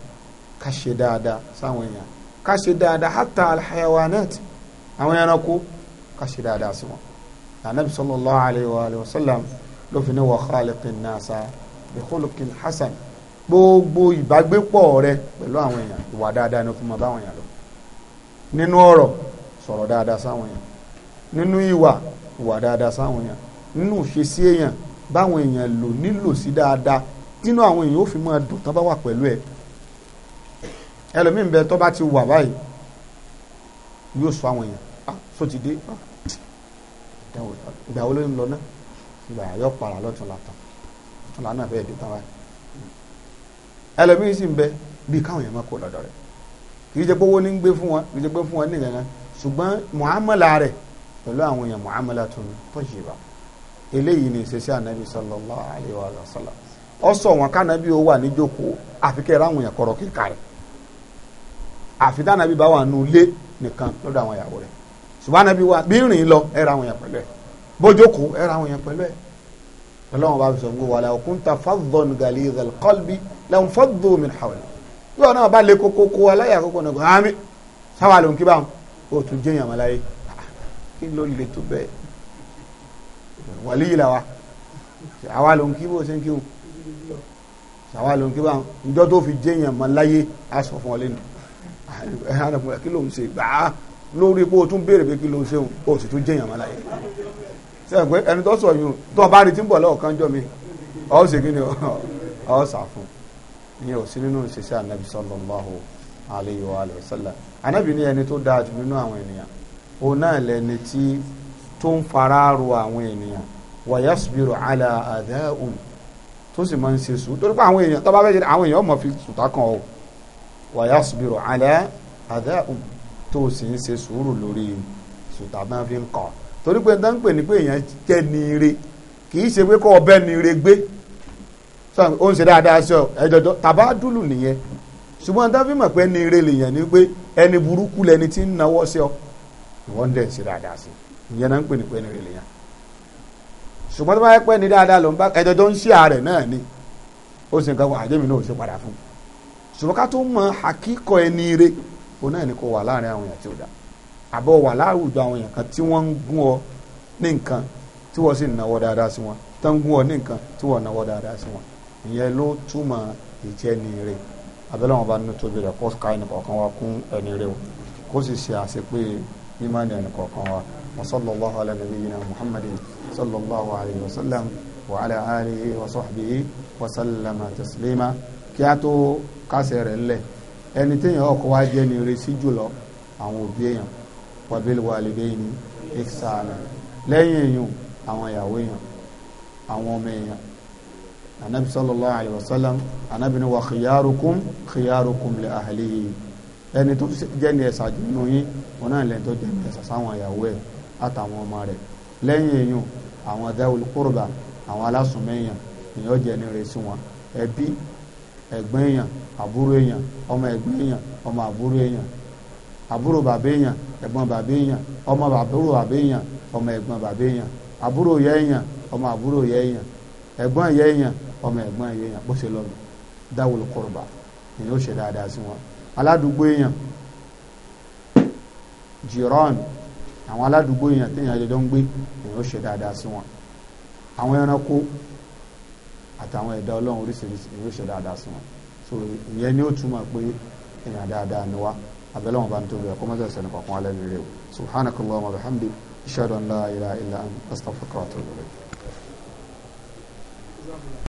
ká ṣe dáadáa sáwọn èèyàn ká ṣe dáadáa hatta alhayawanat àwọn ẹranko ká ṣe dáadáa sí wọn anabi sallallahu alayhi wa alayhi wa sallam ló fi ní wa khaliqin nasa bi khuluqin hasan gbogbo ìbágbépọ̀ rẹ pẹ̀lú àwọn èèyàn ìwà dáadáa ni ó fi máa bá àwọn èèyàn lọ nínú ọ̀rọ̀ sọ̀rọ̀ dáadáa sáwọn èèyàn nínú ìwà ìwà dáadáa sáwọn èèyàn nínú ìṣesí èèyàn báwọn èèyàn lò nílò sí dáadáa nínú àwọn èèyàn ó fi máa dùn tán bá wà pẹ̀lú ẹ̀ ẹlòmíín bẹ tó bá ti wà báyìí yóò sọ àwọn èèyàn ah so ah ìgbà wo ló ń lọ náà ìgbà yóò para lọ́tún látàn tún lànà bẹ́ẹ̀ dé tán báyìí ẹlòmíín sì ń bẹ bí káwọn èèyàn máa kó lọ́dọ̀ rẹ̀ kì í jẹ́ pé owó ní ń gbé fún wọn kì í pé fún wọn nìkan kan ṣùgbọ́n muhammadu rẹ̀ pẹ̀lú àwọn èèyàn muhammadu tó ń tọ́jú ìbá eléyìí ni ìṣesí ànábì sallallahu alaihi wa sallam ọ sọ wọn kánábì ó wà níjókòó àfikẹ́ ráwọn èèyàn kọ̀rọ̀ kíkà rẹ̀ àfi tá ànábì bá wà nù lé nìkan lọ́dọ̀ àwọn ìyàwó rẹ̀ ṣùgbọ́n ànábì wa bí rìn lọ ẹ ra àwọn yẹn pẹ̀lú ẹ̀ bójókò ẹ ra àwọn yẹn pẹ̀lú ẹ̀ pẹ̀lú àwọn bá fi sọ fún wa law kunta faddan ghalizal qalbi lanfaddu min hawlik yóò náà bá lé kókókó aláyà kókó náà gbọ́n ámì sáwà ló ń kí báwọn ó tún jẹ́ ìyàmọ́ láyé kí ló lè tó bẹ́ẹ̀ wàlíyìí làwa àwa ló ń kí bó ṣe ń kí wọn sáwà ló ń kí báwọn ìjọ tó fi jẹ́ ìyàmọ́ láyé á sọ fún ọ lẹ́nu ẹ̀hán ẹ̀kún kí ló ń ṣe gbà á lórí pé o tún béèrè pé kí ló ń ṣe o sì tún jẹ́yàn máa láyé sẹ́yìn pé ẹni tó sọ yìí tó o bá rí tí ń bọ̀ lọ́wọ́ kan jọ mi ọ̀ ṣe kí ni ọ̀ [LAUGHS] sà fún ìyẹn ò sí nínú ìṣẹ̀ṣẹ̀ ànábì sallallahu alayhi wa alihi wa sallam ànábì ní ẹni tó dáa jù nínú àwọn ènìyàn òun náà lẹni tí tó ń faraaro àwọn ènìyàn wa yasbiru ala adha'um tó sì máa ń ṣe sùúrù torí pé àwọn èèyàn tó bá fẹ́ àwọn èèyàn mọ̀ fi sùtá kan o wàyásùbìrò alẹ́ àdá tó sì ń ṣe sùúrù lórí torí pé dá ń pè ní pé èèyàn jẹ́ ni ire kì í ṣe pé kọ́ ọbẹ̀ ni ire gbé ó ń ṣe dáadáa sí ọ tàbá dúlù nìyẹn ṣùgbọ́n tá fi mọ̀ pé ire lèèyàn ni pé ẹni burúkú lẹni tí ń sí ọ ìwọ́n dẹ̀ ń ṣe dáadáa sí ìyẹn náà ń pè ní pé ire lèèyàn ṣùgbọ́n tó bá yẹ pé dáadáa ló ń bá ń ààrẹ náà ni ó sì ń kọ́ ṣùgbọ́n ká tó mọ àkíkọ ẹni re òun náà ni kò wà láàrin àwọn èèyàn tí ó dá àbọ̀ wà láwùjọ àwọn èèyàn kan tí wọ́n ń gún ọ ní nǹkan tí wọ́n sì náwó dáadáa sí wọn tó ń gún ọ ní nǹkan tí wọ́n náwó dáadáa sí wọn ìyẹn ló túmọ̀ ìjẹni re abẹ́lẹ́ wọn bá nínú tóbi rẹ̀ kó ká ẹnì kọ̀ọ̀kan wa kún ẹni re o kó sì ṣe àṣepé ìmánì ẹnì kọ̀ọ̀kan wa wasallallahu ala nabiyyina muhammadin sallallahu alayhi wa sallam wa ala wa sahbihi wa sallama kí a tó kásẹ̀ rẹ̀ ńlẹ̀ ẹni téèyàn ọkọ̀ wá jẹ́ ni retí jùlọ àwọn òbí èèyàn wabil walidaini ihsana lẹ́yìn èèyàn àwọn ìyàwó èèyàn àwọn ọmọ èèyàn anabi sallallahu alayhi wa sallam anabi ni wa khiyarukum khiyarukum li ahlihi ẹni tó jẹ́ ni ẹ̀sà jùlọ yín wọn náà lẹ́ni tó jẹ́ ni ẹ̀sà sáwọn ìyàwó ẹ̀ àtàwọn ọmọ rẹ̀ lẹ́yìn èèyàn àwọn dawul qurba àwọn alásùnmẹ́yàn èèyàn jẹ́ ni retí wọn ẹbí ẹ̀gbọ́n èèyàn àbúrò èèyàn ọmọ ẹ̀gbọ́n èèyàn ọmọ àbúrò èèyàn àbúrò bàbá èèyàn ẹ̀gbọ́n bàbá èèyàn ọmọ àbúrò bàbá èèyàn ọmọ ẹ̀gbọ́n bàbá èèyàn àbúrò yẹ èèyàn ọmọ àbúrò yẹ èèyàn ẹ̀gbọ́n yẹ èèyàn ọmọ ẹ̀gbọ́n yẹ èèyàn bó ṣe lọ nù dáwọlù kọrọba ni ó ṣe dáadáa sí wọn aládùúgbò èèyàn jìrọ́ọ̀nù àwọn aládùúgbò èèyàn téèyàn jẹjọ ń gbé ni ṣe dáadáa sí wọn àwọn àtàwọn ẹ̀dá ọlọ́run oríṣiríṣi ìwé ìṣe dáadáa sí wọn so ìyẹn ni ó túmọ̀ pé èèyàn dáadáa ni wá abẹ́lẹ́ wọn bá ń tóbi ẹ̀kọ́ mọ́tò ìṣẹ̀lẹ̀ kọ̀ọ̀kan alẹ́ mi rè o subhanakallahumma wa bihamdik ashhadu an la ilaha illa anta astaghfiruka wa